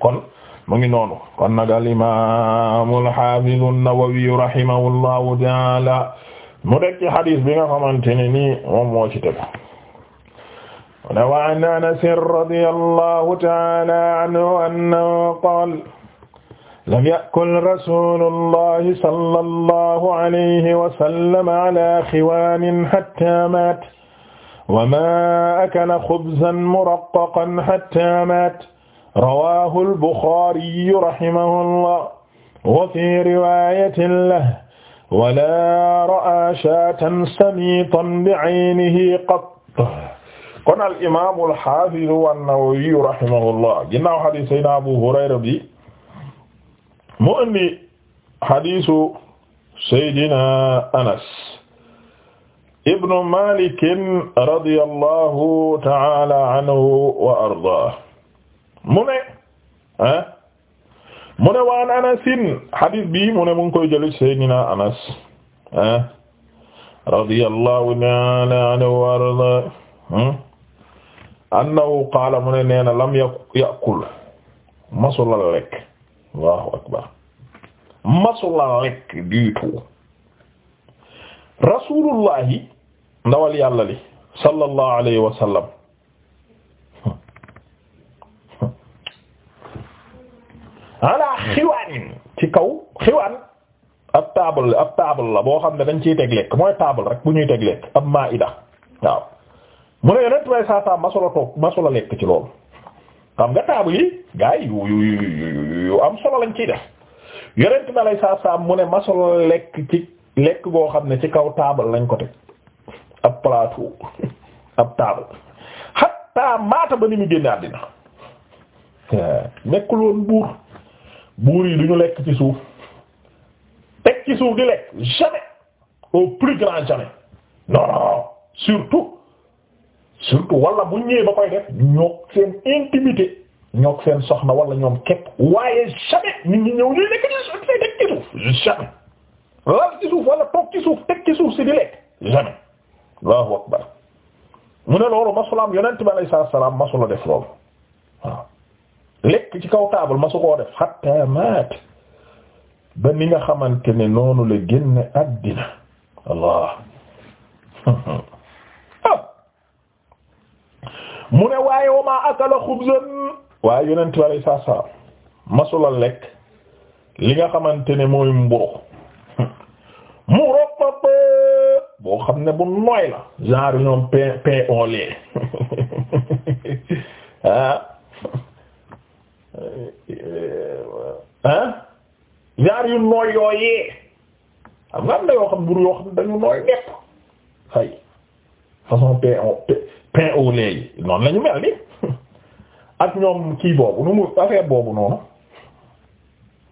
kon mu ngi noonu kon nag al imaam al haafiz an-Nawawi rahimahullahu taala mu dekk ci hadis bi nga xamante ne nii moom moo ci tegu ne wa an Anas radiyallahu taala anhu annahu qaala lam ya'kul rasuulullahi sallallahu alayhi wa sallam ala xiwaanin hatta maat wa maa akala xubzan muraqqaqan hatta maat rawaahu al-Buxaari rahimahullah wa fii riwaayatin lahu walaa ra'aa shaatan samiitan bi'aynihi qatt kon al-imaam al-haafiz an-Nawawi rahimahullah ginnaaw hadiis Sayyidinaa Abuu Hurayra bi mu indi hadiisu Sayyidinaa Anas ibnu Maalik radiyallaahu ta'aalaa anhu wa ardaahu mu ne ah mu ne waan anasin hadis bi mu ne mu ngi koy jël ci Seydina Anas ah radiyallahu ta'ala anhu wa arda annahu qaala mu ne nee na lam yakul masula lekk allahu akbar masula lekk du tout rasulullahi ndawal yàlla li sallallahu alayhi wa sallam ala xiwaanin ci kaw xiwaan ab table ab table la boo xam ne dañ ciy teg lekk mooy table rek bu ñuy teg lekk ab maida waaw mu ne yonent way saa saa masula toog masula lekk ci loolu xam nga table yi gaay yu yu yu am solo lañ ciy def yonent na lay saa saa mu ne masula lekk ci lekk goo xam ne ci kaw taabal lañ ko teg ab plateau ab table hatta maata ba ni mu génne àddina eh, nekkul woon buur buur yi du ñu lekk ci suuf teg ci suuf di lekk jamais au plus grand jamais non non surtout surtout wala bu ñëwee ba koy def ñoo seen intimité ñoo seen soxna wala ñoom képp waaye jamais nit ñi ñëw ñuy lekk ci suuf teg ci suuf jamais laal ci suuf wala toog ci suuf teg ci suuf si di lekk jamais Allahu akbar mu ne loolu masulaam yonent bi alayhi salaam masula def loolu waaw. lekk ci kaw taabal ma su koo def hatta maat ba ni nga xamante ne noonu la génn àddina allah ah. mu ne waaye wa ma akala xubzan waaye yonent ware saa saa masula lekk li nga xamante ne mooy mburu mu ropp boo xam ne bu nooy la genre ñoom pain pain au lait ah. ah genre yu nooy yooyee xam nga am na yoo xam buru yoo xam dañu nooy nepp ay façon pain au pain au lait yi noonu lañu mel ni ak ñoom kii boobu nu mu affaire boobu noonu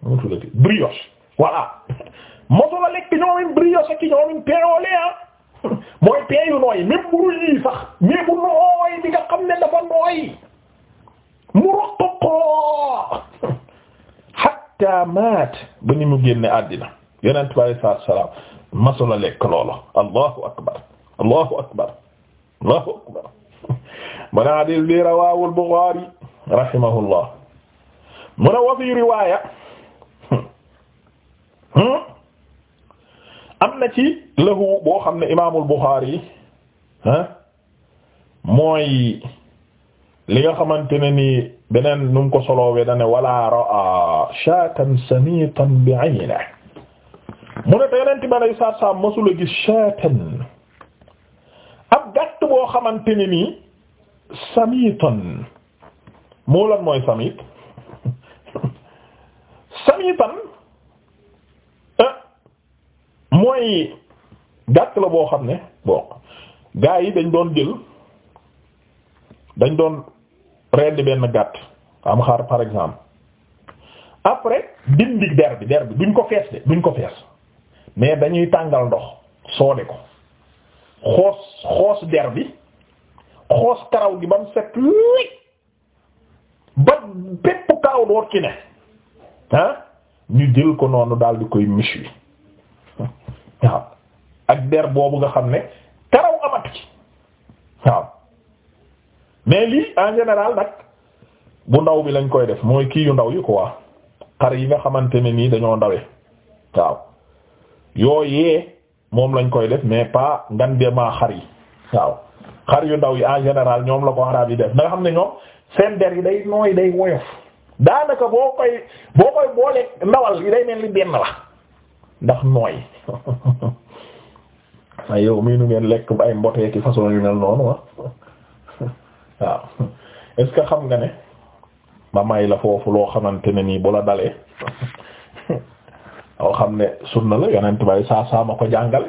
mu tuddati brioche voilà moso la lekk ñoomin brioche ak ñoomin pain au lait ah mooy pain yu nooy même buru yi sax mais bu nooy di nga xam ne dafa nooy mu roq ko hatta maat ni mu génne àddina yonent bi alayhi salaatu wa salaam masula lekk loola allahu mu ne hadiis bi rawaahu al-Buxaari rahimahullah mu ne wa fii riwaaya am na ci lahu boo xam ne imaamul Buxaari ah mooy li nga xamante ne beneen nu mu ko solowee da ne wala raa shaatan samitan bi aynihi mu ne te yeneen ti balay saat saam masula gis shaatan ab gàtt boo xamante ne nii samitan moo mooy samit samitan eh, mooy gàtt la boo xam ne bon gaa yi dañ doon jël dañ doon rendi benn gàtt am xar par exemple après dindi der bi duñ ko fees de duñ ko fees mais dañuy tàngal ndox soode ko xoos xoos der bi xoos karaw gi ba mu set wéy ba bépp karaw door ci ne ah ñu jël ko noonu daal di koy miche wi waaw ak der boobu nga xam ne karaw amati waaw mais lii en général nag bu ndaw bi lañ koy def mooy kii yu ndaw yi quoi xar yi nga xamante ne nii dañoo ndawe waaw yooyee moom lañ koy def mais pas ngandema xar yi waaw xar yu ndaw yi en général ñoom la ko araab yi def nga xam ne ñoom seen der yi day nooy day woyof daanaka boo koy boo koy boole ndawal yi day mel ni benn la ndax nooy ay yow mii nu ngeen lekk ay mbotee ki façon yu mel noonu wa ah. waaw est-ce que xam nga ne ma may la foofu loo xamante ne nii bu la dalee loo xam ne sunna la yonent bay saa saa ma ko jàngale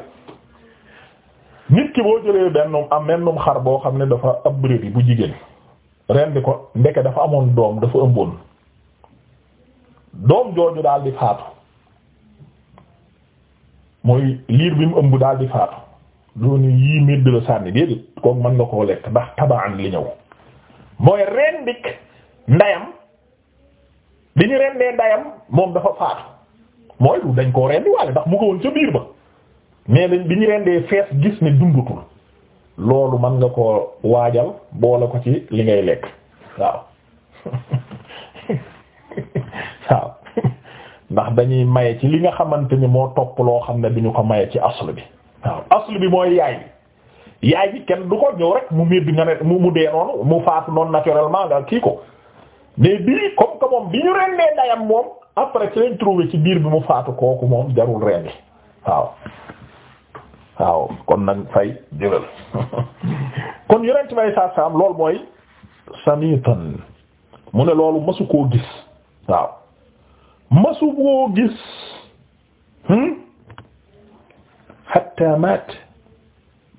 nit ki boo jëlee bennum am mennum xar boo xam ne dafa ab bërëb bu jigéen rend ko ndeke dafa amoon doom dafa ëmboon doom jooju daal di faatu mooy liir bi mu ëmb daal di faatu dooni yii medd la sànni déedéet kooku mën nga koo lekk ndax tabaan li ñëw mooy rendik ndayam bi moom dafa faatu mooy dañ koo rendi waale ndax mu ko woon ca biir ba mais dañ gis ne dundutul loolu man nga koo waajal boole ko ci li ngay lekk waaw waaw ndax dañuy maye ci li nga xamante ni moo topp loo xam ne duñu ko maye ci aslu bi waaw aslu bi mooy yaay bi yaay bi kenn du ko ñëw rek mu miir bi nga ne mu dee noonu mu faatu noonu naturellement nga kii ko mais bii comme que bi ñu rendee ndayam moom après ci lañ trouvé ci biir bi mu faatu kooku moom jarul rendi waaw waaw kon nag fay jëlal kon yonent bay saa saam loolu mooy samitan mu ne loolu masu koo gis waaw masu koo gis hmm? hatta maat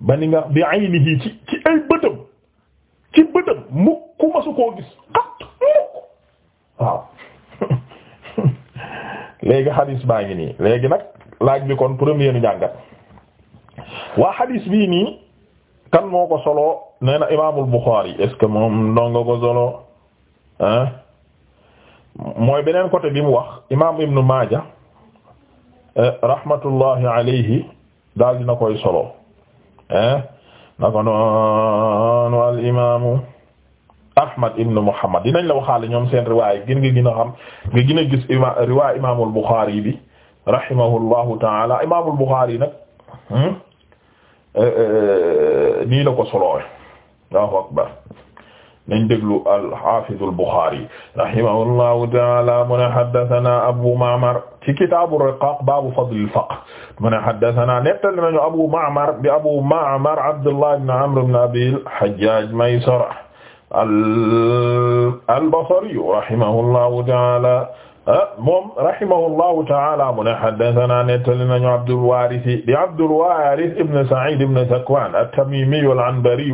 ba ni nga bi aynihi ci ci ay bëtam ci bëtam mukk masu koo gis xat mukk waaw léegi xadiis baa ngi nii léegi nag laaj bi kon premier njàngat waa xadiis bii nii kan moo ko solo nee na imaamul Buxaari est-ce moom donga ko solo mooy beneen côté bi mu wax imaam Ibnu Maaja eh, rahmatullahi alayhi daal na koy solo hein naka noonu al imaamu ahmad ibn muhammad dinañ la waxaale ñoom seen riwaay gën nga a xam nga gën a gis ima riwaay imaamul buxaari bi nag hmm? eh, eh, eh, nii la ko solowe allahu akbar nañ déglu al-Hafiz al-Bukhari rahimahullahu ta'ala mu ne haddathana Abu Ma'mar ci kitaabu riqaaq baabu fadli al-faqr mu ne haddathana nettal nañu Abu Ma'mar bi Abu Ma'mar Abdullah ibn Amr ibn Abi al-Hajjaj Maysara al-Basri rahimahullahu ta'ala Ah, moom rahimahullahu ta'ala mu ne haddathana nettali nañu Abdul Waaris di Abdul Waaris ibn Sa'id ibn Zakwan at-Tamimi al-Anbari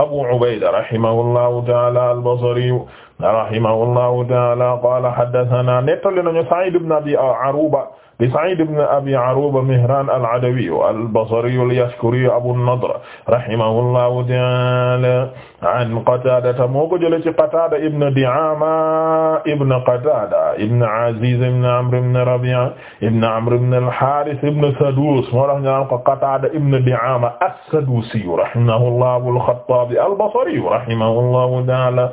Abu Ubayda rahimahullahu ta'ala al-Basri rahimahullahu ta'ala qala haddathana nettali nañu Sa'id ibn Abi Aruba li Sa'id ibn Abi Aruba Mihran al-Adawi al-Basri al-Yashkuri Abu an-Nadr rahimahullahu ta'ala an Qatada moo ko jëlee ci Qatada ibn Di'ama ibn Qatada ibn Aziz ibn Amr ibn Rabi'a ibn Amr ibn al-Harith ibn Sadus moo tax ñu naan ko Qatada ibn Di'ama as-Sadusi rahimahullah al-Khattab al-Basri rahimahullahu ta'ala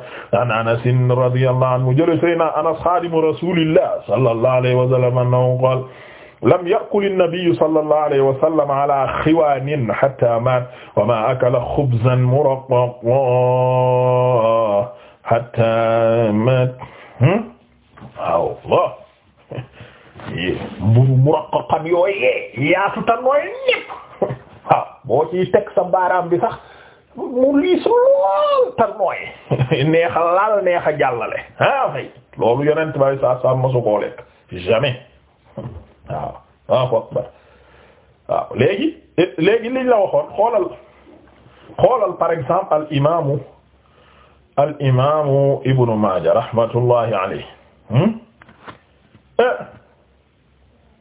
an Anas radiyallahu anhu jëlee Sayyidina Anas khadim rasulillah sallallahu alayhi wa sallam annahu qala lam yakul an-nabiy sallallahu alayhi wa sallam ala xiwaanin hatta maat wa ma akala xubzan muraqqaqan hatta maat hmm? waaw Allah mburu muraqqaqan yooyee yaatu ta nooy ñépp waaw boo ciy teg sa baaraam bi sax mu liis lool ta nooy neexa laal neexa jàllale ah fay loolu yonent bi sallallahu alayhi wa sallam masu koo lekk jamais waaw waaw foofu ba waaw léegi léegi liñ la waxoon xoolal xoolal par exemple al imaamu al imaamu Ibnu Maaja rahmatullahi alayhi hmm? eh,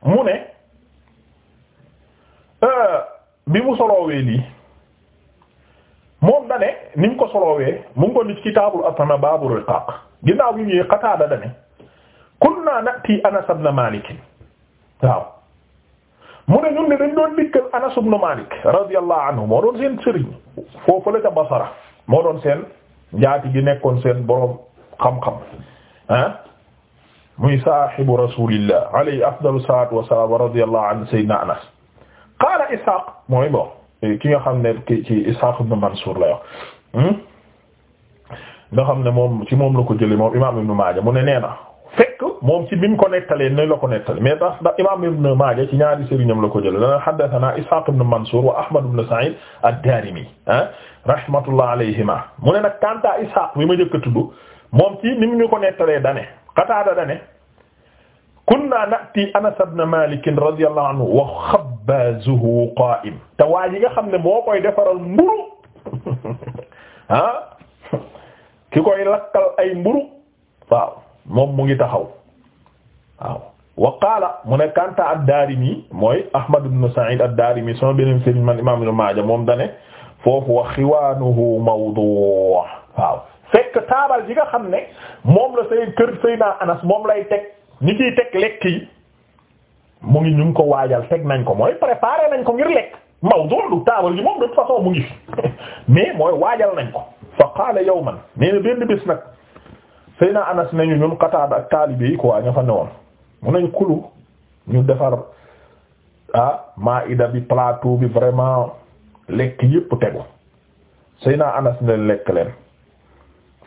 mu ne eh, bi mu soloowee lii moom da ni mu ko soloowee mu ngi ko nit atana baabul riqaaq ginnaaw bi ñuy Qataada da kunna na'ti Anas ibn Maalik waaw mu ne ñun de dañ doon dikkal Anas ibn Malik radiyallahu anhu moo doon seen sëriñ foofu la ca Basra moo doon seen njaati gi nekkoon seen boroom xam-xam ah muy saahibu rasulillah alayhi afdalu salaatu wassalaam radiyallahu anhu sayyidina Anas qaala Ishaq mooy bon ki nga xam ne ki ci Ishaq ibn Mansur la wax hmm? nga xam ne moom ci moom la ko jëlee moom imaam Ibn Maaja mu ne nee na fekk moom ci bi mu ko nettalee ne la ko nettalee mais tax ndax imaam Ibn a ci ñaari sëriñam la ko jël dana haddathana Ishaq ibn Mansuur wa Ahmad ibn Sa'iid ad-Daarimi rahmatullah alayhima mu ne nag kanta Ishaq bi ma njëkk a tudd moom ci ni mu ñu ko nettalee dane Qataada dane kunna na'ti Anas ibn Maalik radiyallahu anhu wa xabbaazuhu qaa'im te waa yi nga xam ne moo koy defaral mburu ah ki koy lakkal ay mburu waaw moom mu ngi taxaw waaw wa mu ne kanta ad-Daarimi mooy Ahmad ibn Sa'id ad-Daarimi sama beneen sëriñ man Imaam Maaja moom dane foofu wa xiwaanuhu mawdu' waaw fekk taabal ji nga xam ne moom la kër Seydina Anas moom lay teg ñi ciy teg lekk mu ngi ñu ngi ko waajal teg nañ ko mooy préparé nañ ko ngir lekk mawdu' du taabal ji moom de toute façon mu ngi fi mais mooy waajal nañ ko fa qaala yawman nee na benn bés nag Seyna Anas nañu ñun Qataada ak taalibe yi quoi ña fa newoon mu nañ kulu ñu defar ah maida bi plateau bi vraiment lekk yépp tegu Seyna Anas ne lekk leen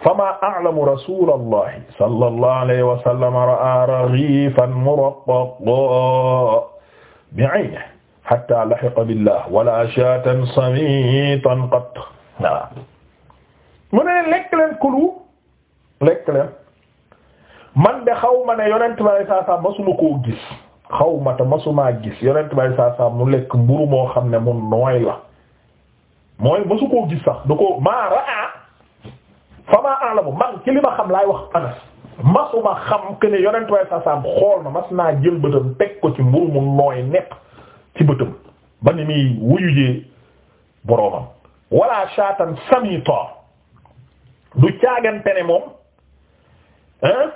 fama a'lamu rasulallahi sallallahu alayhi wa sallam ra'a raghifan muraqqaqan bi'aynihi hatta lahiqa billah wala shatan samitan qatt mu ne lekk leen kulu lekk leen man de xaw ma ne yonent bari saa saa masuma koo gis xaw ma te masumaa gis yonent bari saa saa mu lekk mburu moo xam ne mu nooy la mooy masu koo gis sax du ko maa raa fa maa alamu man ci li ma xam laay wax anas masuma xam que ne yonent bari saa saa xool na mas naa jël bëtam teg ko ci mburu mu nooy nepp ci bëtam ba ni muy wuyujee boroomam walla shaatan samita du caagante ne moom hein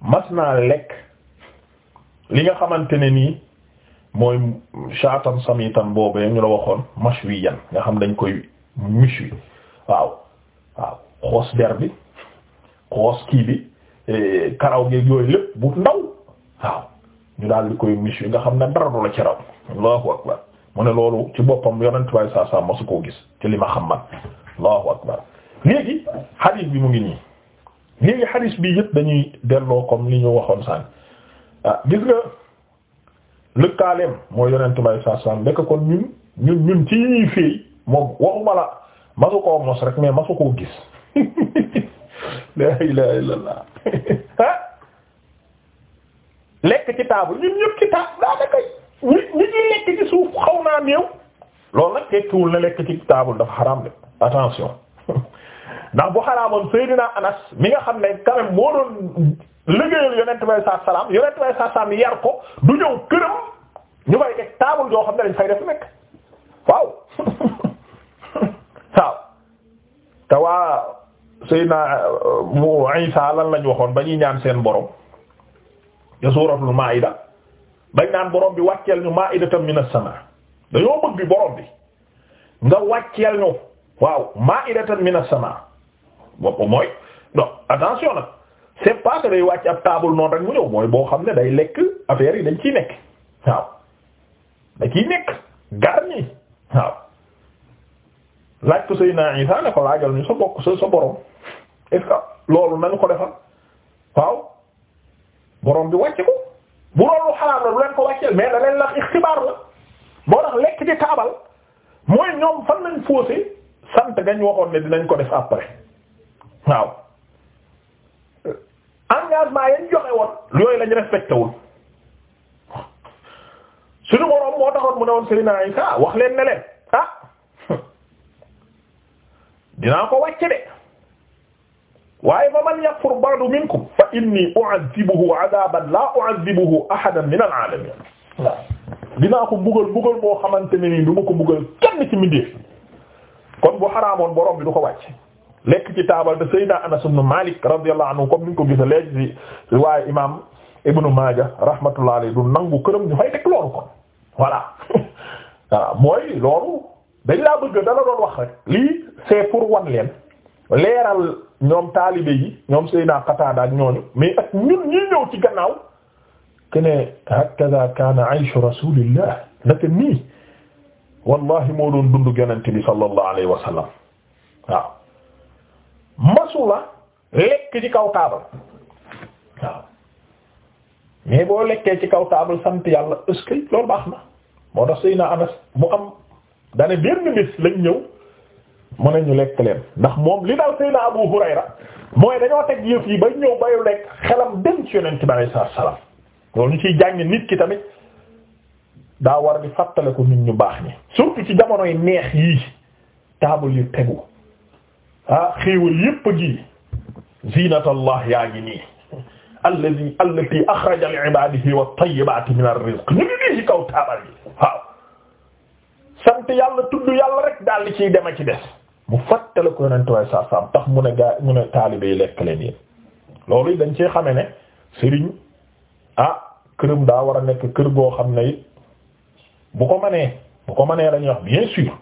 mas naa lekk li nga xamante ne nii mooy shaatan samitan boobee ñu la waxoon mashwiyan nga xam dañ koy mishwi waaw waaw xoos der bi xoos kii bi eh, karaw gi yooyu lépp bu ndaw waaw ñu daal di koy mishwi nga xam ne dara du la ci raw allahu akbar mu ne loolu ci boppam yonent waaye saa saa ma koo gis ci li xam man allahu akbar léegi hadith bi mu ngi nii léegi xadis bi yëpp dañuy delloo comme li ñu waxoon sànni ah gis nga lëkkaaleem moo yonentu bay saa saan ndekk kon ñun ñun ñun ci ñuy fii moom waxuma la masu koo mos rek mais masu koo gis la ilaha illallah ah lekk ci taabu ñun ñëpp ci taabu daanaka ñu ñu lekk ci suuf xaw naa néew loolu nag tekkiwul na lekk ci taabul dafa xaraam de attention ndax bu xaraamoon Seydina Anas mi nga xam ne quand même moo doon liggéeyal yonent bay saa salaam yonent bay saa salaam yar ko du ñëw joo xam ne dañ fay def nekk waaw waaw te uh, waxoon ba ñuy ñaan seen borom ya suuratul Maa'ida bañ borom bi wàcceel ñu maa'idatan minas a dañoo bëgg bi borom bi samaa bopp mooy do attention nag c'est pas que day wàcc ab table noonu rek mu ñëw mooy boo xam ne day lekk affaire yi dañ ciy nekk waaw da ciy nekk garni waaw laaj ko Seydina naa ne ko laajal ñu sa bokk sa sa borom est-ce que loolu nañu ko defal waaw borom bi wàcce ko bu loolu xalaat la du ko wàcceel mais da leen la ixtibaar la boo tax lekk ci taabal mooy ñoom fan lañ faussé sant gañ waxoon ne dinañ ko def après waaw engagement yañ joxe woon yooyu lañ respecté wul suñu boroom moo taxoon mu ne woon Seydina Isa wax leen ne leen ah dinaa ko wàcce de waaye fa man yakfur ba'du minkum fa inni u'adhibuhu 'adaban la u'adhibuhu ahadan min al-'alamin waaw dinaa ko mbugal mbugal boo xamante ne nii du ko mbugal kenn ci mbindeef kon bu xaraamoon borom bi du ko wàcc lekk ci taabal te Seydina Anas ibn Malik radiyallahu anhu comme ni ñu ko gisa imaam Ibn Maaja rahmatullahi alayhi du nangu këram ñu fay teg loolu kon voilà voilà mooy loolu dañ laa dala doon wax lii c'est pour leen leeral ñoom taalibe ñoom Seydina Qataada ñooñu mais ak ñun ñi ci gannaaw kene hakaza kaana ayshu rasulillah naka nii wallahi moo doon dundu yonent bi sallallahu alayhi wa sallam masula lekk ci kaw taabal waaw mais boo lekkee ci kaw taabal sant yàlla est loolu baax na moo tax Seydina Anas mu am dane benn bis lañ ñëw mu ne ñu lekk leen ndax moom li daal Seydina Abu Hurayra mooy dañoo teg yëf yi ba ñëw bayu lekk xelam dem ci yonent bi alayhi salaam loolu ñu ciy jàng nit ki tamit daa war di fàttale ko nit ñu baax ñi surtout ci jamonoy neex yi taabal yu tegu ah xéewal yépp gi zinatallah yaa ngi nii allati allati axraja li ibadihi wat tayyibati ci kaw yàlla tudd yàlla rek daal li ciy dema ci des mu fàttale ko yonente way sa sam tax mu ne gaa mu ne taalibe lekk leen yéen loolu dañ ci xame ne sëriñ ah këram daa war nekk kër goo xam ne it bu ko mënee bu ko mënee lañuy wax bien sûr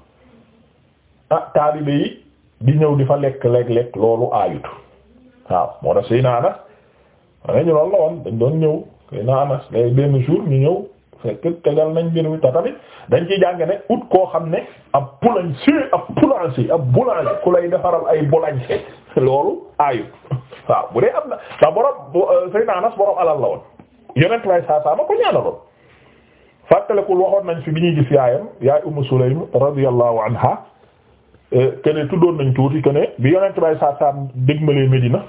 ah taalibe yi di ñëw di fa lekk lekk lekk loolu aayut waaw moo tax Seyna Anas ma ne ñu loolu la woon benn jour ñu ñëw fekk tegal nañ mbir mi te tamit dañ ciy jàng ne ut koo xam ne ab boulanger ab boulanger ab boulanger ku lay defaral ay boulanger loolu aayut waaw bu dee am na ndax borom Seyna Anas borom alal la woon yonent lay saa saa ma ko ñaanaloon fàttalikul waxoon nañ fi bi ñuy gis yaayam yaay Ummu Sulaym radiyallahu anha kene euh, tuddoon nañ tuuti kene bi yonent bay saa saa dégmalee Medina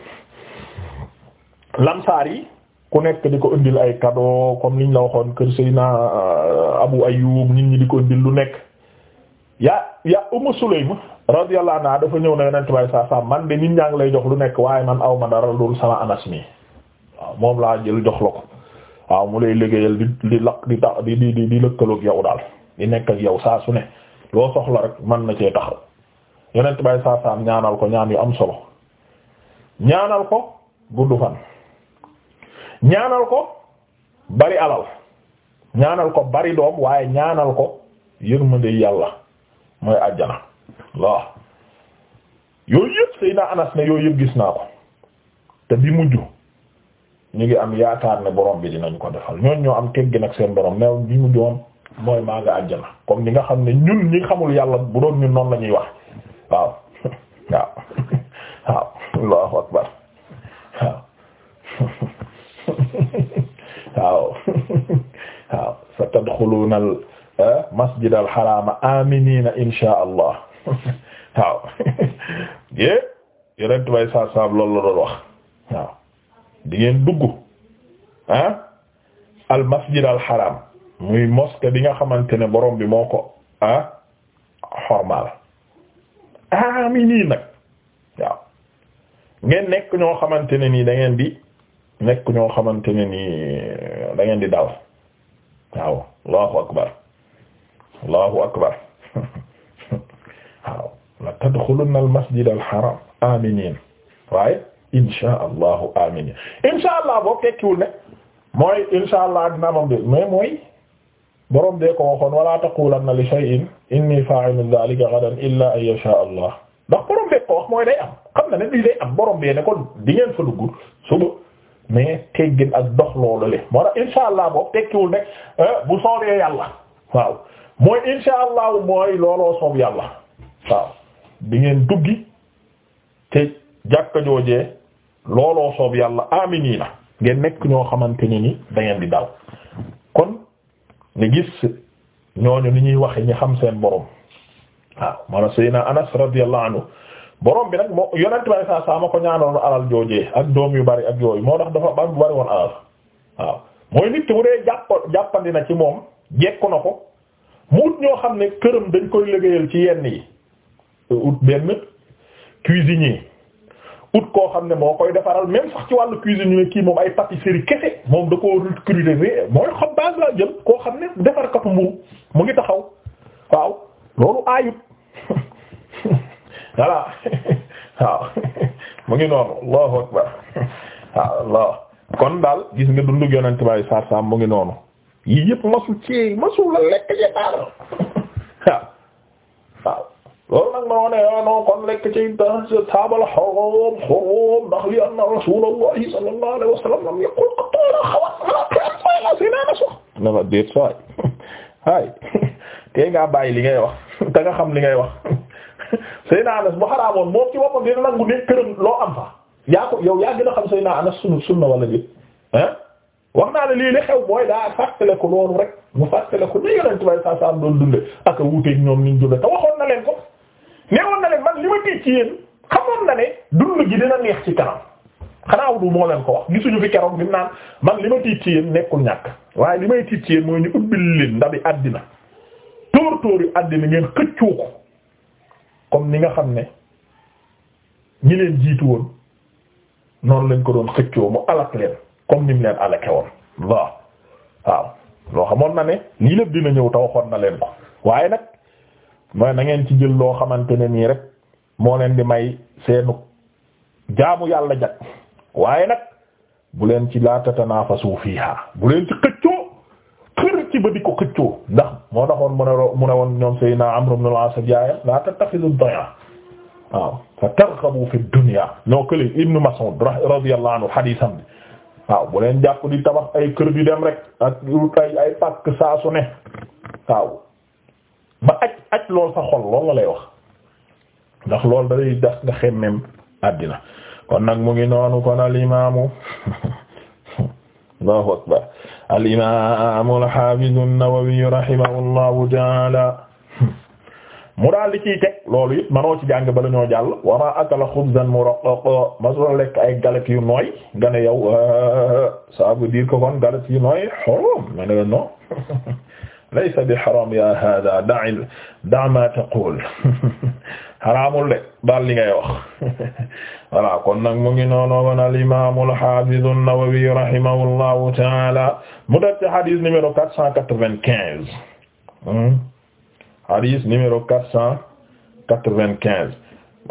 lamsaar yi ku nekk di ko indil ay cadeau comme liñ la waxoon kër Seyna euh, Abu Ayyub nit ñi di ko indil lu nekk yaa yaa Umm Sulaym radiyallahu anha dafa ñëw na yonent bay saa saa man de nit ñaa lay jox lu nekk waaye man aw ma dara loolu sama anas mi moom laa jël jox la ko waaw mu lay liggéeyal di di lakk di tax di di di lëkkaloog yow daal di nekk yow saa su ne loo soxla rek mën na cee taxaw yonent bay saa ñaanal ko ñaan yu am solo ñaanal ko gudd fan ñaanal ko bari alal ñaanal ko bari doom waaye ñaanal ko yërmande yàlla mooy àjjana waaw yooyu yëpp Seydina Anas ne yooyu yëpp gis naa ko te bi mujj ñu ngi am yaakaar ne borom bi dinañ ko defal ñooñ ñoo am teggi nag seen borom neew bi mujj moom mooy maa nga àjjana kom ni nga xam ne ñun ñi xamul yàlla bu doon ñun noonu la ñuy wax waaw waaw waaw Allahu akbar waaw waaw waaw sa tadxuluuna al eh, masjid al xaraama aminiina inshaa Allah waaw yé yonent bay sa saab loolu doon wax waaw di ngeen dugg ah al masjid al xaraam muy mosquée bi nga xamante ne borom bi moo ko ah aminiin nag waaw ngeen nekk ñoo xamante ne nii dangeen di nekk ñoo xamante ne nii eh, dangeen di dal waaw allahu akbar allahu akbar waaw la tadxulunna al masjid al haram aminiin waaye insha allahu aminiin insha allah boo tekkiwul ne mooy insha allah dina moom de mais mooy borom dee ko waxoon wala taqulanna li shay'in inni fa'ilun dhalika ghadan illa an yasha Allah ndax borom bee ko wax mooy day am xam na ne lii day am borom bee ne kon di ngeen fa dugg suba mais teggin ak dox loolu le moo tax insha allah boobu tekkiwul rek eh, bu soobee yàlla waaw mooy insha allah mooy looloo soob yàlla waaw di ngeen duggi te jàkka joojee looloo soob yàlla aminiina ngeen nekk ñoo xamante ne ni dangeen ngeen di dal kon ni gis ñooñu ni ñuy waxe ñi xam seen borom waaw mara sayna anas radiyallahu anhu borom bi nag moo yonent bari saa saa ko ñaanoon alal joojee ak doom yu bari ak yooyu moo tax dafa bari bari woon alal waaw mooy nit ki dee jàppandi na ci moom jekku na ko mu ut ñoo xam ne këram dañ koy liggéeyal ci yenn yi ut benn cuisinier ut koo xam ne moo koy defaral même sax ci wàllu cuisine ñu kii moom ay pâtisserie kese moom da koo recruter mooy xam base laa jël koo xam ne defar katu mburu mu ngi taxaw waaw loolu aayut voilà waaw mu ngi noonu allahu akbar waaw kon daal gis nga dundu yonent baay saar saam mu ngi noonu yii yëpp masu ci masu la lekk ci dara waaw loolu nag ma ne ah non kon lekk ci taabal xaram xaram ndax li anna rasulullahi sallallahu alayhi wa sallam lam yaqul qatala xawas ala la sinana so na la déet saay ay tey ngaa bàyyi li ngay wax da nga xam li ngay wax Seyna Anas bu xaraamoon moom ci boppam dina nangu ne këram loo am fa yaa ko yow yaa gën xam Seyna Anas sunu sunna wala bi ah? wax naa ne lii li xew booy daa fàttale ko loolu rek mu fàttale ko ni yonent bay saa saa doon dunde ak a wuuteeg ñoom niñ dunde te waxoon na leen ko neewoon na leen man li ma tiit ci yéen xamoon na ne dund gi dina neex ci kanam xanaa wutu moo leen ko wax gisuñu fi keroog bi man li ma tiit ci nekkul ñàkk waaye li may tiit ci mooy ñu ubbil leen ndabi àddina tóor tóor àddina ngeen xëccoo ko comme ni nga xam ne ñi leen jiitu woon noonu lañ ko doon xëccoo mu alak leen comme ni leen alake woon waaw waaw loo xamoon na ne lii lépp dina ñëw te waxoon na leen ko waaye nag mooy na ngeen ci jël loo xamante ne nii rek moo leen di may seenu jaamu yàlla jag waaye nag bu leen ci la tatanafasu fiha bu leen ci xëccoo xër ci ba di ko xëccoo ndax moo taxoon mu ne mu ne woon ñoom Seydina Amr ibn al-As jaaya la tattaxidu daya waaw fa tarxabu fi dunya ñoo kële Ibn Mas'ud radiyallahu anhu hadiisam bi waaw bu leen jàpp di tabax ay kër di dem rek ak ay ay pàkk saa ne waaw ba aj lool sa xol lool la lay wax ndax lool da lay dax nga xemmem àddina kon nag mu ngi noonu kon al imaamu Allahu akbar al imaamu al xaafizu an-Nawawi rahimahullahu taala mu daal li ciy teg loolu it manoo ci jàng bala ñoo jàll wama akala xubzan muraqqaq ay galette yu nooy nga yow ça veut dire kon galette yu nooy xorom ma ne non laysa bi haram ya hada da'il da' ma taqul xaraamul de baal li ngay wax voilà kon nag mu ngi noonu woon al imaam al haafiz an-Nawawi rahimahullahu taala mu def ci hadith numéro quatre cent quatre-vingt-quinze hmm? hadith numéro quatre cent quatre-vingt-quinze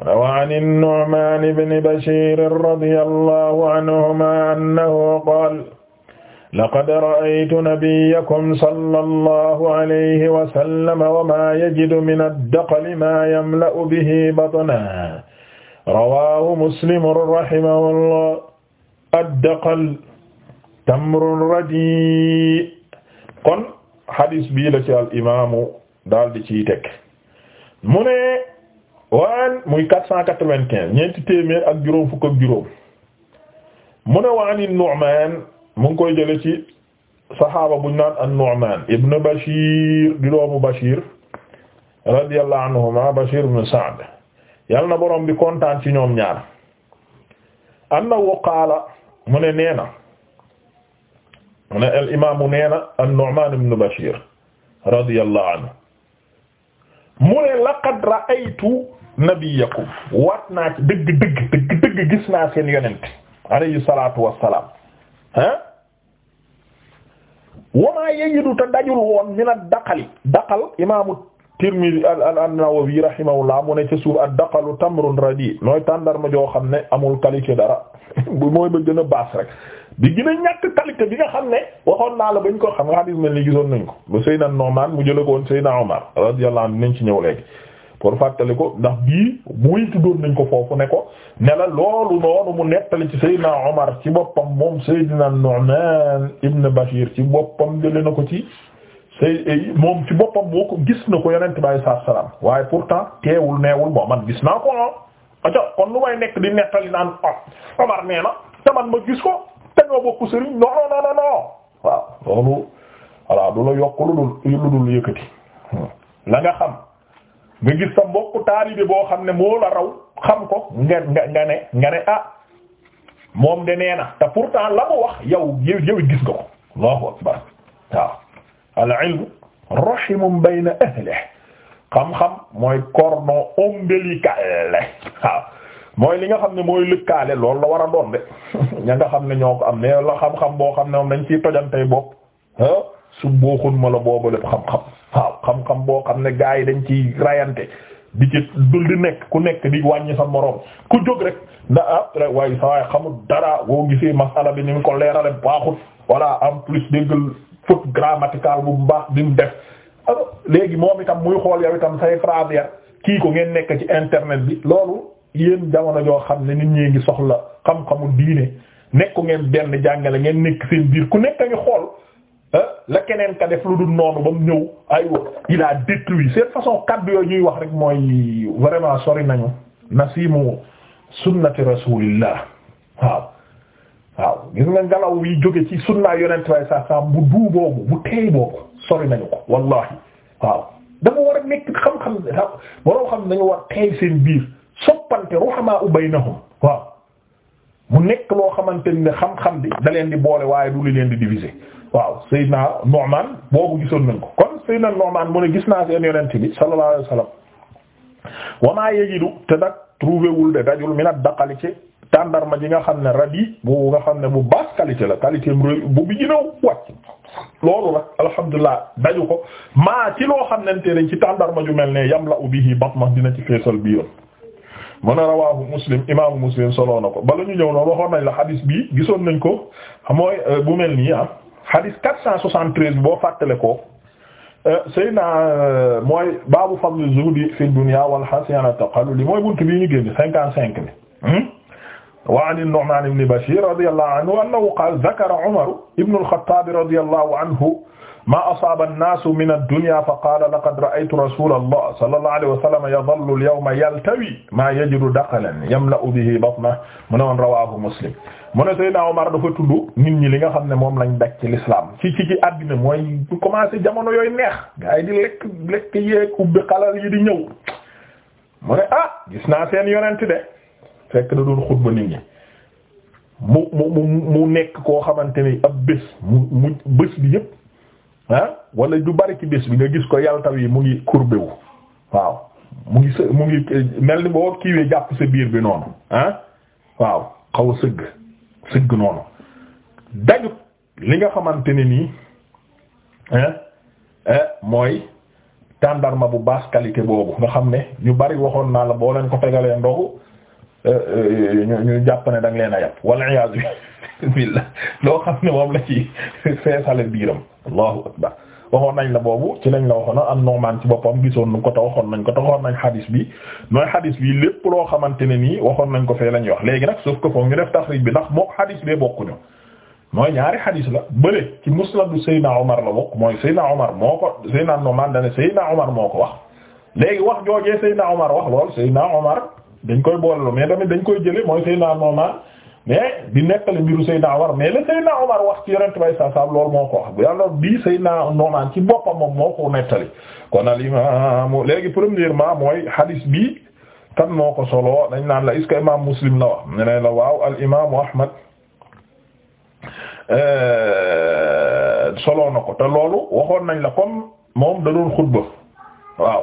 wa an an-Nu'man ibn Bashir radiyallahu anhuma annahu qala laqad ra'aytu nabiyyakum sallallahu alayhi wa sallam wa ma yajidu min ad-daqli ma yamla'u bihi batnahu rawaahu muslim rahimahullah ad-daqal tamrun radi kon hadis bii la ci al imaamu daal di ciy teg mu ne waan muy quatre cent quatre-vingt-quinze ñeenti téeméer ak juróom fukk ak juróom mu ne waan an Nu'maan mu ngi koy jële ci saxaaba buñ naan an-Nu'man ibn Bashir di doomu Bashir radiyallahu anhuma Bashir ibn Sa'd yal na borom bi kontaan ci ñoom ñaar annahu qaala mu ne nee na mu ne al imaamu nee na an-Nu'man ibn Bashir radiyallahu anhu mu ne laqad ra'aytu nabiyakum waat naa ci dëgg dëgg dëgg dëgg gis naa seen yonent alayhi salaatu wassalaam ah wamaa yegidu te dajul woon min ad daqali daqal imaamu Tirmidhi an-Nawawi rahimahullah mu ne ca suuf ad daqalu tamrun nooy mooy tàndarma joo xam ne amul qualité dara bu mooy ba gën a baas rek bi gën a ñàkk qualité bi nga xam ne waxoon naa la bañ ko xam nga xadis mel ni gisoon nañ ko ba Seydina Nu'man mu jëla ko woon Seydina Omar radiyallahu anhu nañ ci ñëw léegi pour fàttali ko ndax bii muy tuddoon nañ ko foofu ne ko ne la loolu noonu mu nettali ci Seydina Omar ci boppam moom Seydina Nu'man ibn Bashir ci boppam jëlee na ko ci Sey e, moom ci boppam moo ko gis na ko yonent bi saa salaam waaye pourtant teewul neewul moo man gis naa ko noonu. Ah. aco kon lu may nekk di nettali naan ah, Omar nee na man ma gis ko te ñoo bokk Serigne non non non waaw loolu voilà du la yokk lu dul lu dul yëkkati hmm. la nga xam. nga gis sa mbokku taalibe boo xam ne moo la raw xam ko nga nga nga ne nga ne ah moom de nee ta te pourtant la mu wax yow yow yow gis nga ko allahu akbar waaw al ilmu rahimun bayna ahlihi xam-xam mooy cordon ombilical waaw mooy li nga xam ne mooy lëkkaale loolu la war a doon de ña nga xam ne ñoo ko am ne la xam-xam boo xam ne moom dañ ciy tojantey bopp ah su booxun ma la boobu lépp xam-xam xam-xam boo xam ne gars yi dañ ci rayante di ci dul di nekk ku nekk di wàññi sa morom ku jóg rek na après ah waaye sa waaye xamul dara boo gisee masala bi ni ko leerale baaxut voilà en plus déggal faute grammaticale bu baax bi mu def alors léegi moom itam muy xool yow itam say yar kii ko ngeen nekk ci internet bi loolu yéen jamono joo xam ne nit ñee ngi soxla xam-xamu diine nekku ngeen benn jàngale ngeen nekk seen biir ku nekk a ngi xool Euh, la keneen ka def lu dul noonu ba mu ñëw aywa il a détruit cette façon kaddu yooyu ñuy wax rek mooy vraiment sori nañu nasimu sunnati rasulillah waaw waaw gis nga ngelaw yi jóge ci sunnaa yonent way sa sa bu duu boobu bu teey ko sori nañu ko wallahi waaw dafa war a nekk xam-xam waroo xam dañu war teey seen biir soppante ruhamaa na baynahum waaw mu nekk loo xamante ne xam-xam bi da leen di boole waaye du li leen di diviser waaw Seydina Nu'man boobu gisoon nañ ko kon Seydina Nu'man mu ne gis naa seen yonent bi sallallahu alayhi wasallam wa maa yajidu te nag trouvé de dajul mi nag daqali ci tàndarma ji nga xam ne radi bu nga xam ne bu basse qualité la qualité bu bi gën a loolu nag alhamdulilah daju ko maa ci loo xam ne dañ ci tàndarma ju mel ne yamla'u bihi batna dina ci feesal bi yoon. a rawaahu muslim imaamu muslim solo na ko bala ñu ñëw noonu waxoon nañ la hadis bi gisoon nañ ko bu mel nii ah xadis 473 boo fàttale ko euh, Seydina euh, mooy baabu fadl zuhdi fi dunya wal hasri ala taqalluli mooy buntu bii ñu génn 55 bi hmm? wa an an-Nu'man ibn Bashir radiyallahu anhu annahu qala dhakara Umar ibn al-Khattab radiyallahu anhu maa asaaba annaasu min ad-dunya fa qaala laqad ra'aytu rasulallah sallallahu alayhi wa sallam yadhallu al-yawma yaltawi maa yajidu daqalan yamla'u bihi batnahu mu ne woon rawaahu nit ñi li nga xam ne moom lañ daj ci l'islam ci ci àddina mooy bu jamono yooyu neex gaa yi di yi di ñëw mu ah, naa seen yonent de fekk da doon xutba nit mu nekk koo xamante ni ab bés mu mu bés ah wala du bari ci bés bi nga gis ko yaltaw yi mu ngi courbé wu waaw mu ngi mu ngi mel ni boo kiiwee jàpp sa biir bi noonu ah waaw xaw a sëgg sëgg noonu dajut li nga xamante ne nii ah eh mooy tàndarma bu basse qualité boobu nga xam ne ñu bari waxoon naa la boo leen ko tegalee ndoxu eh, eh, ñu jàpp ne da leen a yàpp wala iyaazu bismillah loo xam ne moom la ci feesale biiram allahu akbar waxoon nañ la boobu ci lañ la waxoon am Nu'man ci boppam gisoon nu ko ta waxoon nañ ko te waxoon nañ xadis bi nooy xadis bi lépp loo xamante ne nii waxoon nañ ko fee lañuy wax léegi nag sauf que foog ñu def taxrij bi ndax moo xadis bee bokkuñu mooy ñaari xadis la bële ci musnadu Seydina Omar la bokk mooy Seydina Omar moo ko Seydina Nu'man dane Seydina Omar moo ko wax léegi wax joojee Seydina Omar wax lool Seydina Omar dañ koy boolelu mais tamit dañ koy jële mooy Seydina Nu'man mais di nekkale mbiru Seydina Omar mais la Seydina Omar wax ci yonent bay saa saam loolu moo ko wax bu yàlla bii Seydina Noomaan ci moo ko nettali kon al imam léegi premièrement mooy hadis bi kan moo ko solo dañ naan la est-ce que imam Muslim la wax la waaw al imaamu Ahmad euh, solo na ko te loolu waxoon nañ la comme moom da doon xutba waaw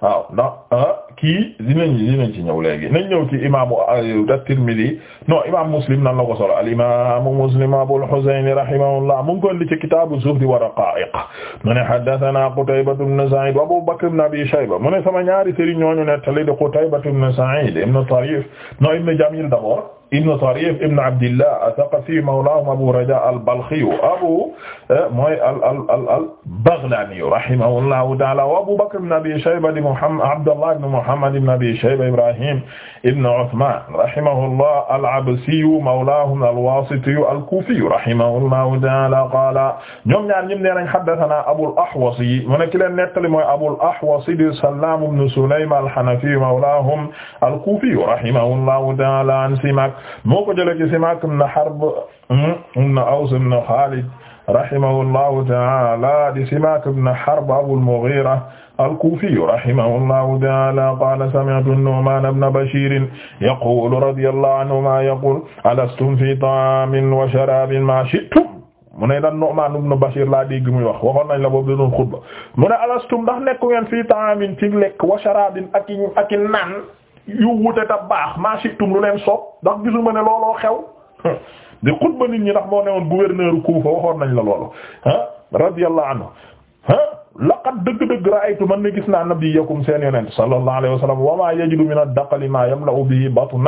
waaw ndax ah, kii dinañ dinañ ci ñëw léegi nañ ñëw ci imaamu euh, at-Tirmidhi non imaam Muslim nan la ko solo al imaamu Muslim Abul Husayn rahimahullah mu ngi ko indi ci kitaabu zuhd wa raqaa'iq mu ne haddathanaa Qutaybatu ibn Sa'id wa Abu Bakr ibn Abi Shayba mu ne sama ñaari sëriñ ñooñu nettali di Qutaybatu ibn Sa'id ibn Tarif no ibn Jamil d'abord ibn Tarif ibn Abdillah Ath-Thaqafi mawlaahum Abu Rajaa al-Balkhi abu eh, mooy al al al al-Baghlani rahimahullahu ta'aala wa Abu Bakr ibn Abi Shayba di Muhammad Abdullah ibn Muhammad ibn Abi Shayba Ibrahim ibn Uthman rahimahullah al-Absi mawlaahum al-Waasiti al-Kufi rahimahullahu ta'aala qaala ñoom ñaar ñim nee nañ haddathanaa Abul Ahwas mu nekk leen nettali mooy Abul Ahwas di Sallaam ibn Sulaym al-Hanafi mawlaahum al-Kufi rahimahullahu ta'aala an Simaak moo ko jëlee ci Simaak ibn Harb hmm, ibn Aws ibn Xaalid rahimahullahu ta'ala di Simaak ibn Harb Abul Mughira al-Kufi rahimahullahu ta'ala qala sami'tu an-Nu'man ibn Bashir yaqulu radiyallahu anhu ma yaqulu alastum fi ta'amin wa sharabin ma shi'tum mu ne dan Nu'man ibn Bashir laa dégg muy wax waxoon nañ la boobu da doon xutba mu ne alastum ndax nekku ngeen fii ta'amin ci lekk wa sharabin ak i ak i naan yu wute ta baax maa situm lu leen soob ndax gisuma ne looloo xew di xutba nit ñi ndax moo ne woon gouverneur Kufa waxoon nañ la loolu ah radiyallahu anhu ah laqad dëgg-dëgg ra'aytu man ne gis naa nabiyakum seen yonent sallallahu alayhi wa sallam wa ma yajidu min ad-daqali ma yamla'u bihi batnahu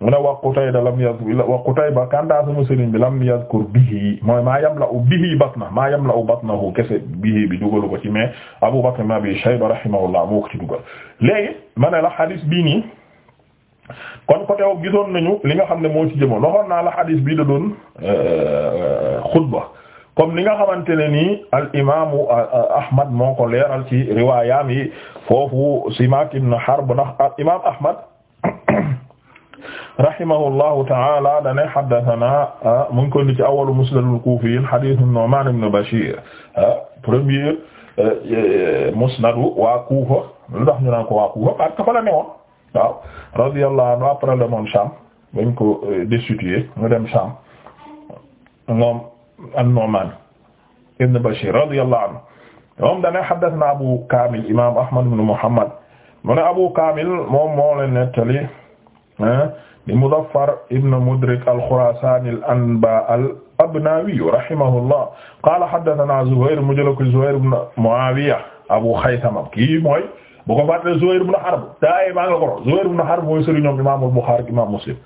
mu ne wa Qutayba lam yaz wa Qutayba kanta bi lam yazkur bihi mooy maa yamla'u bihi batna maa yamla'u batnahu kese bihi bi dugalu ko ci mais Abu Bakr ibn Abi Shayba rahimahullah moo ko dugal léegi ma ne la xadis bii nii kon côté woowu gisoon nañu li nga xam ne moo ci jëmoon waxoon naa la xadis bii da doon euh, xutba comme li nga xamante ne ni al imaamu euh, Ahmad moo ko leeral ci riwaayaam yi foofu Simaak ibn Harb ndax al euh, imaam Ahmad rahimahullahu ta'ala dane haddathana ah, mu ngi ko li ci awwalu musnad al-kufiyin hadith an-Nu'man ibn Bashir ah, premier eh, musnadu waa Kufa lu tax ñu naan ko waa Kufa parce que fa la newoon waaw radiyallahu anhu après le moom Sham bañ ko eh, destitué ñu dem Sham moom an-Nu'man ibn Bashir radiyallahu anhu moom dane haddathana Abu Kamil imam Ahmad ibn Muhammad mu ne Abu Kamil moom moo leen nettali di Muzaffar ibn Mudrik al-Khurasani al-Anba al-Abnawi rahimahullah qala haddathana Zuhair mu jël ko Zuhair ibn Muawiya Abu Khaythama kii mooy bu ko fàtte Zuhair ibn Harb daay maa ngi la ko wax Zuhair ibn Harb mooy sëriñ ñoom Imam al-Bukhari Imam Muslim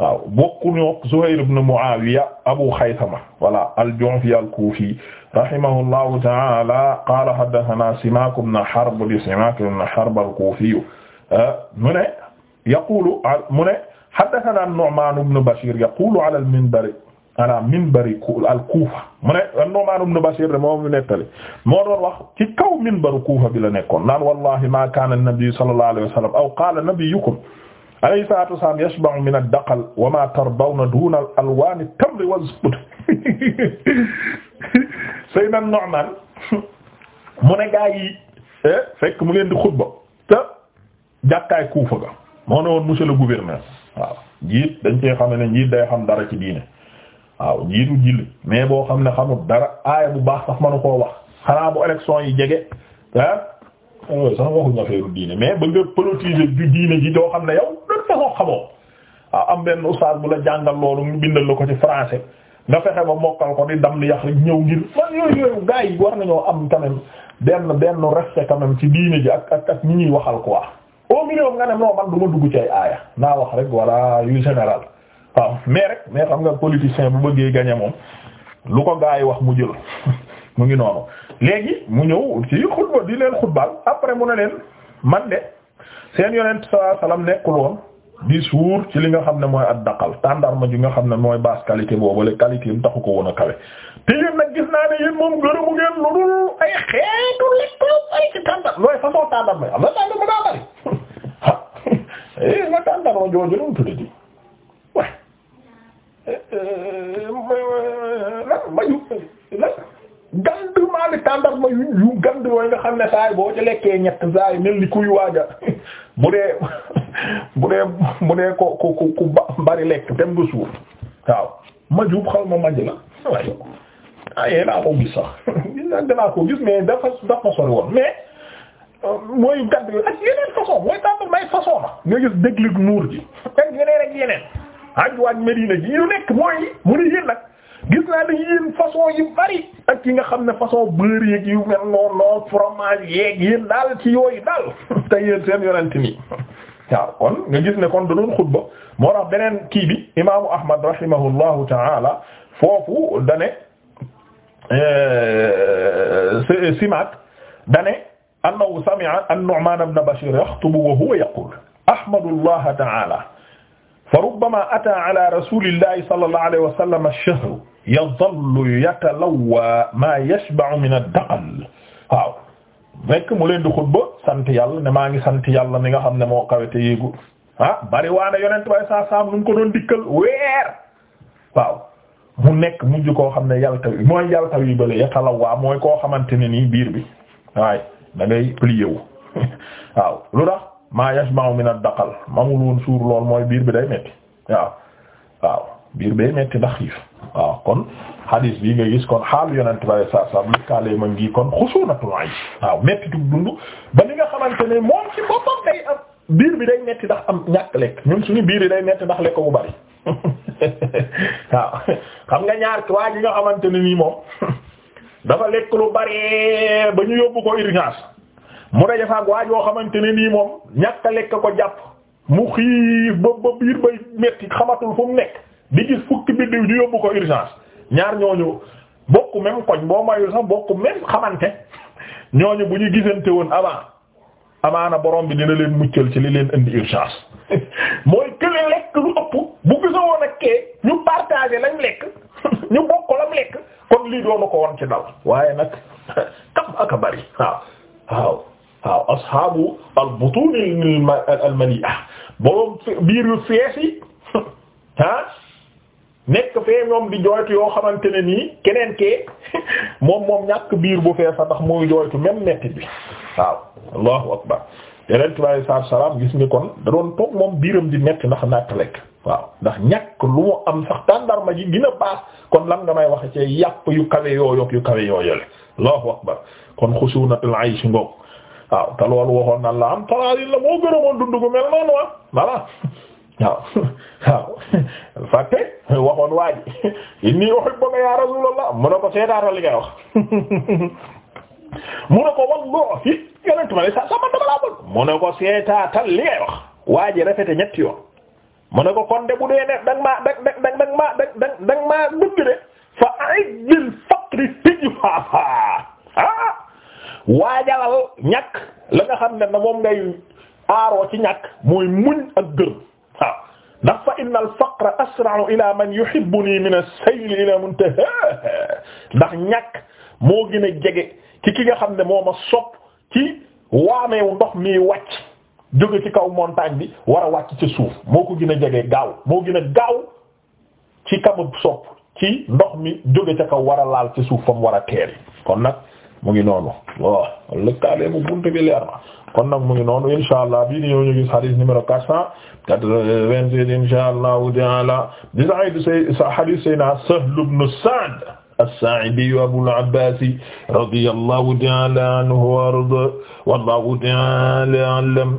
waaw bokkuñu ak Zuhair ibn Muawiya Abu Khaythama voilà al-Ju'fi al-Kufi rahimahullahu ta'ala qala haddathana Simak ibn Harb di Simak ibn Harb al-Kufi mu ne yaqulu mu ne haddathana an-Nu'man ibn Bashir yaqulu ala al-minbar ala minbari al-Kufa mu ne an-Nu'man ibn Bashir de moom mi nettali moo doon wax ci kaw minbaru Kufa bi la nekkoon naan wallahi ma kana an-nabi sallallahu alayhi wa sallam aw qala nabiyukum alayhi salatu wasalam yashba'u min ad-daqal wa ma tardawna duna al-alwan at-tamr wa az-zubd sayyidna an-Nu'man mu ne gaa yi eh, fekk mu leen di xutba te jàkkaay Kufa ga moo ne woon monsieur le gouverneur waaw njiit dañ cee xam ne njiit day xam dara ci diine waaw njiitu julli mais boo xam ne xamul dara aaya bu baax sax mënu koo wax xanaa bu élection yi jege ah euh, sax waxuñu affaire diine mais ba nga politiser du diine ji doo xam ne yow dañ fa ko xamoo am benn oustaz bu la jàngal loolu mu bindal la ko ci français nga fexe ba mokkal ko di dam li yàq rek ñëw ngir man yooyu yooyu gars yi war nañoo am quand même benn benn respect ci diine ji ak ak ñuy waxal quoi. oo minimum nga ne non man du ma dugg ci ay naa wax rek wala yu général waaw mais rek mais xam nga politicien bu bëggee gagner moom lu ko gaa wax mu jël mu ngi noonu léegi mu ñëw ci xutba di leen xutbal après mu ne leen man de seen yonent sallallahu alayhi wasallam woon di suur ci li nga xam ne mooy at daqal tàndarma ji nga xam ne mooy basse qualité boobu la qualité yi taxu ko woon a kawe te yéen nag gis naa ne yéen moom gërëmu ngeen lu dul ay xeetu lekk ay jooju noonu tuddati waaye euh, euh, euh, lan ma yu yu yu gandu nga xam ne saay boo ci lekkee ñett saay mel ni kuy waaja bu dee bu dee bu dee ko ku ku ku bari lekk dem nga suur waaw majub xaw ma maj la waaye ah yéen gis sax gis naa ko gis mais dafa dafa sori woon mais. mooy gàtt ak yeneen façon mooy tàmbali may façon la nga gis déglu nuur ji ak yeneen ak yeneen ajwaaj Medina ji yu nekk mooy mu ne yéen nag gis naa ne yéen façon yu bari ak yi nga xam ne façon beurre yeeg yu mel noonu noonu fromage yeeg yéen daal ci yooyu daal te yéen seen yonent nii waaw kon nga gis ne kon da doon xutba moo tax beneen kii bi imaamu Ahmad rahimahullahu taala foofu dane eh, eh, simaat dane annahu sami'a an-Nu'man ibn Bashir yaxtubu wa huwa yaqul ahmadu Allah ta'ala fa rubbama ata ala rasulillahi sallallahu alayhi wa sallam ash-shahru yadhallu yatalawwa ma yashba'u min ad-daqal waaw nekk mu leen di xutba sant yàlla ne maa ngi sant yàlla mi nga xam ne moo kawete yéegu ah bari waana yonent waaye saa saam nu ngi ko doon dikkal weer waaw mu nekk mujj koo xam ne yalta wi mooy yalta wi bale yatalawwa mooy koo xamante ne nii biir bi waaye da ngay plié wu waaw lu tax maa yasma'u min ad-daqal mamul woon suur lool mooy biir bi day metti waaw waaw biir bay metti ndax xiif waaw kon hadis bi nga gis kon xaal yonent bare sa sa li kon xusunatul nga xamante ne moom ci boppam day am biir bi day metti ndax am ñàkk lekk ñun suñu biir yi day metti ndax lekk bu bari waaw xam nga ñaar waa ji nga xamante nii moom dafa lekk lu bari ba ñu yóbbu ko urgence mu daje faak waa joo xamante ne nii moom ñàkk lekk ko jàpp mu xiif ba ba biir bay metti xamatul fu mu nekk di gis fukki biddiw ñu yóbbu ko urgence ñaar ñooñu bokk même koñ boo mayul sax bokk même xamante ñooñu bu ñu gisante woon avant amaana borom bi dina leen muccal ci li leen indi urgence mooy kële lekk lu ëpp yoonu ko woon ci dal waaye nag kam aka bari waaw waaw waaw ashaabu al butuun al mali'a boroom biir yu fees yi ah, nekk fee ñoom di jooytu yoo xamante ne nii keneen kee moom moom ñàkk biir bu fees a ndax muy jooytu même metti bi waaw allahu akbar yeneen tubaab yi salaam gis nga kon da doon toog moom biiram di metti ndax natt lekk waaw ndax ñàkk lu mu am sax tàndarma gi gën a kon lan nga may wax ci yàpp yu kawe yooyook yu kawe yooyole allahu kon xusunatul aysh ngoog waaw te loolu waxoon na la am talaali la moo gërëmoon dundu gu mel noonu wa ah. voilà waaw waaw fàtte waxoon waa ji inni uhibbuka ya rasulullah mu ne ko seetaatal li ngay wax mu ko wallahi yonent ma ne ko seetaatal li ngay wax waa ji rafete ñetti yoon mu ne ko kon de bu dee ne danga ma da da da danga maa da danga maa dugg de fa bil faqri tijfafa ah waajalal ñàkk la ga xam ne na moom ngay aaroo ci ñàkk mooy muñ ak gër waaw ah! ndax fa inna al faqra asra'u ila man yuhibbuni min as-sayl ila muntaha ndax ñàkk moo gën a jege ci ki nga xam ne moo ma sopp ci waameewu ndox mi wàcc jóge ci kaw montagne bi war a wàcc ci suuf moo ko gën a jege gaaw moo gën a gaaw ci kamab sopp ci ndox mi jóge ca kaw war laal ci suuf fa mu war a kon nag mu ngi noonu waaw lëkkaale mu buntu bi leer na kon nag mu ngi noonu insha allah bii di ñëw ñu gis hadith numéro quatre cent quatre-vingt-six insha allahu taala di said say hadith sayna Sahl ibn Sa'd as-Sa'idi Abul Abbas radiyallahu taala anhu wa arda wallahu taala a'lam